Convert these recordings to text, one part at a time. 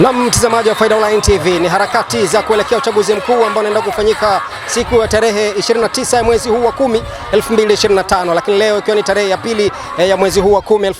Na mtazamaji wa Faida Online TV, ni harakati za kuelekea uchaguzi mkuu ambao unaenda kufanyika siku ya tarehe 29 ya mwezi huu wa 10 2025, lakini leo ikiwa ni tarehe ya pili eh, ya mwezi huu wa 10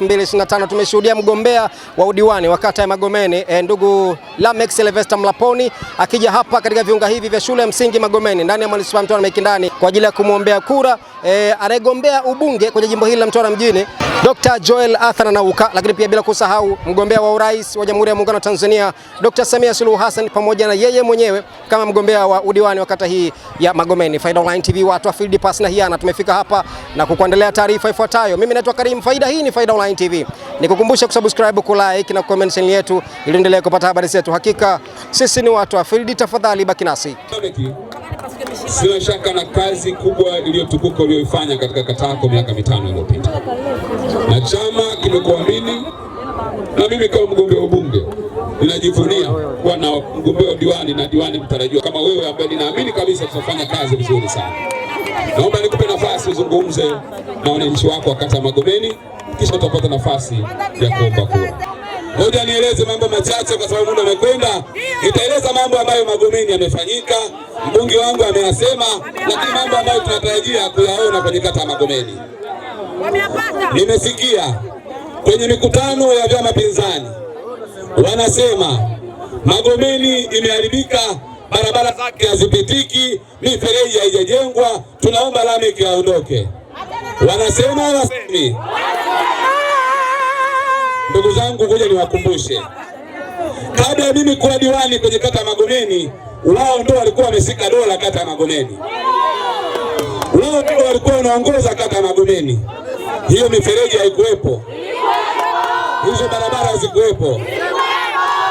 2025, tumeshuhudia mgombea wa udiwani wa kata ya Magomeni eh, ndugu Lamex Sylvester Mlaponi akija hapa katika viunga hivi vya shule ya msingi Magomeni ndani ya manispaa ya Mtwara Mikindani kwa ajili ya kumwombea kura eh, anayegombea ubunge kwenye jimbo hili la Mtwara mjini. Dr. Joel Athana Nauka, lakini pia bila kusahau mgombea wa urais wa Jamhuri ya Muungano wa Tanzania Dr. Samia Suluhu Hassan pamoja na yeye mwenyewe kama mgombea wa udiwani wa kata hii ya Magomeni. Faida Online TV watu wa field pass na hiana, tumefika hapa na kukuandalia taarifa ifuatayo. Mimi naitwa Karim Faida, hii ni Faida Online TV. Nikukumbusha kusubscribe, kulike na comment channel yetu ili endelee kupata habari zetu. Hakika sisi ni watu wa field, tafadhali baki nasi. Sina shaka na kazi kubwa iliyotukuka uliyoifanya katika kata yako miaka mitano iliyopita, na chama kimekuamini, na mimi kama mgombea wa ubunge ninajivunia kuwa na mgombea wa diwani na diwani mtarajiwa kama wewe, ambaye ninaamini kabisa tutafanya kazi vizuri sana. Naomba nikupe nafasi uzungumze na wananchi wako wa kata Magomeni, kisha utapata nafasi ya kuomba kura. Ngoja nieleze mambo machache kwa sababu muda umekwenda. Nitaeleza mambo ambayo Magomeni yamefanyika, mbunge wangu ameyasema, lakini mambo ambayo tunatarajia kuyaona kwenye kata ya Magomeni. Nimesikia kwenye mikutano ya vyama pinzani wanasema Magomeni imeharibika, barabara zake hazipitiki, mifereji haijajengwa, tunaomba lami aondoke. Wanasema wasemi Ndugu zangu, kuja niwakumbushe, kabla ya mimi kuwa diwani kwenye kata ya Magomeni, wao ndio walikuwa wameshika dola kata ya Magomeni, wao ndio walikuwa wanaongoza kata ya Magomeni. Hiyo mifereji haikuwepo, hizo barabara hazikuwepo.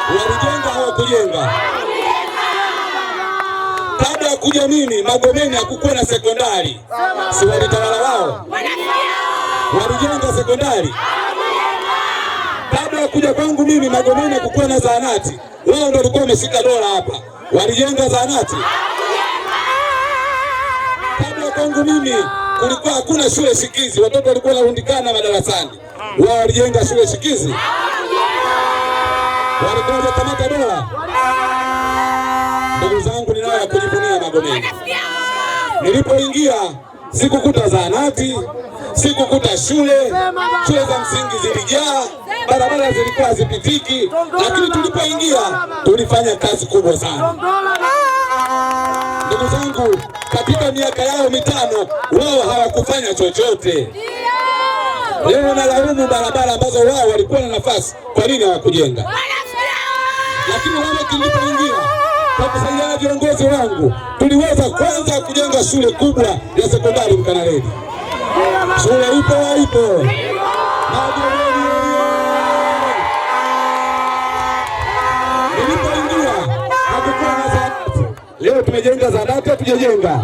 Walijenga hao kujenga. Kabla ya kuja mimi, Magomeni hakukuwa na sekondari, si walitawala wao walijenga sekondari. Kabla ya kuja kwangu mimi Magomeni hakukuwa na zahanati, wao ndio walikuwa wameshika dola hapa, walijenga zahanati. Kabla ya kwangu mimi kulikuwa hakuna shule shikizi, watoto walikuwa wanaundikana madarasani, wao walijenga shule shikizi. Walikuwa wamekamata dola. Ndugu zangu, ninao ya kujivunia Magomeni. Nilipoingia sikukuta zahanati siku kuta shule shule za msingi zilijaa, barabara zilikuwa hazipitiki, lakini tulipoingia tulifanya kazi kubwa sana. Ndugu zangu, katika miaka yao mitano wao hawakufanya chochote. Leo nalaumu barabara ambazo wao walikuwa na nafasi, kwa nini hawakujenga? Lakini wao kilipoingia kwa kusaidia na viongozi wangu tuliweza kwanza kujenga shule kubwa ya sekondari mkanaredi Shule ipo haipo? Nilipoingia hakukuwa na zahanati. Leo tumejenga zahanati, tujejenga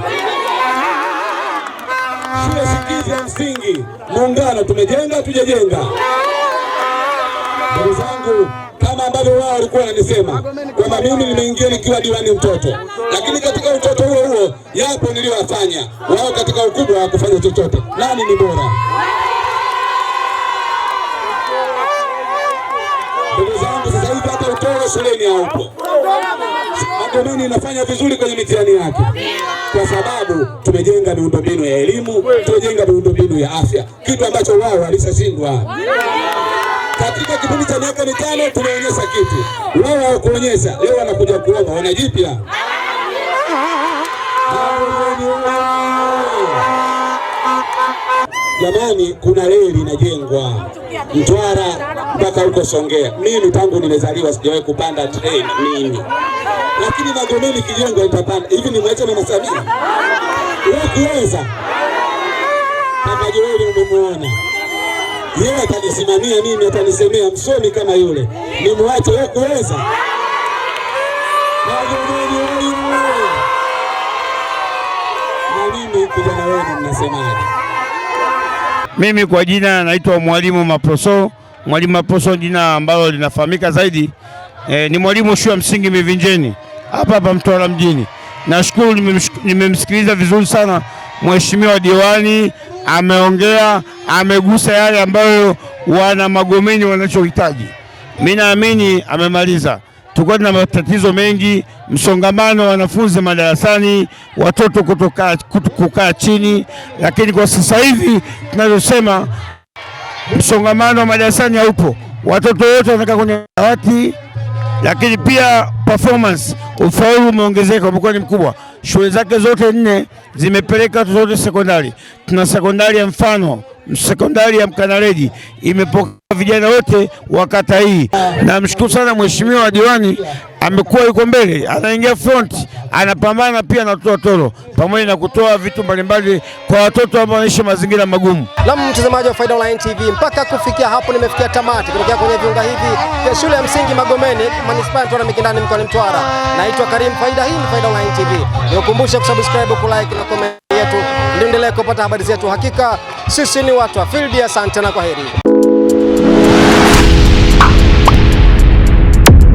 shule sikizi ya msingi Muungano, tumejenga tujejenga Ndugu zangu, kama ambavyo wao walikuwa wananisema kwamba mimi nimeingia nikiwa diwani mtoto, lakini katika utoto huo huo yapo niliyowafanya wao, katika ukubwa wa kufanya chochote. Nani ni bora? Ndugu zangu, sasa hivi hata utoro shuleni haupo. Magomeni inafanya vizuri kwenye mitihani yake kwa sababu tumejenga miundombinu ya elimu, tumejenga miundombinu ya afya, kitu ambacho wao walishashindwa katika kipindi cha miaka mitano tumeonyesha kitu, wao hawakuonyesha. Leo wanakuja kuomba, wana jipya Jamani, kuna reli inajengwa Mtwara mpaka huko Songea. Mimi tangu nimezaliwa sijawahi kupanda treni mimi, lakini Magomeni kijengwa nitapanda. Hivi nimwache Mama Samia kuweza? Kama umemwona yeye atanisimamia mimi, atanisemea msomi kama yule, mwache wewe kuweza kijana wenu mnasemaje? Mimi kwa jina naitwa Mwalimu Maposo. Mwalimu Maposo jina ambalo linafahamika zaidi e, ni mwalimu shule ya msingi Mivinjeni hapa hapa Mtwara mjini. Nashukuru nimemsikiliza vizuri sana Mheshimiwa diwani ameongea, amegusa yale ambayo wana Magomeni wanachohitaji. Mimi naamini amemaliza. Tulikuwa na matatizo mengi, msongamano wa wanafunzi madarasani, watoto kutoka, kukaa chini, lakini kwa sasa hivi tunavyosema, msongamano wa madarasani haupo, watoto wote wanakaa kwenye dawati, lakini pia performance, ufaulu umeongezeka, umekuwa ni mkubwa shule zake zote nne zimepeleka watoto zote sekondari. Tuna sekondari ya mfano, sekondari ya Mkanareji imepokea vijana wote wa kata hii. Namshukuru sana mheshimiwa diwani amekuwa yuko mbele, anaingia front, anapambana pia na watoto toro pamoja na kutoa vitu mbalimbali kwa watoto ambao wanaishi mazingira magumu. Na mtazamaji wa Faida Online TV, mpaka kufikia hapo nimefikia tamati kutokea kwenye viunga hivi vya shule ya msingi Magomeni, manispaa ya Mtwara Mikindani, mkoani Mtwara. Naitwa Karim Faida, hii ni Faida Online TV. Nikukumbusha kusubscribe, kulike na comment yetu, ndio endelee kupata habari zetu. Hakika sisi ni watu wa field. Asante na kwaheri.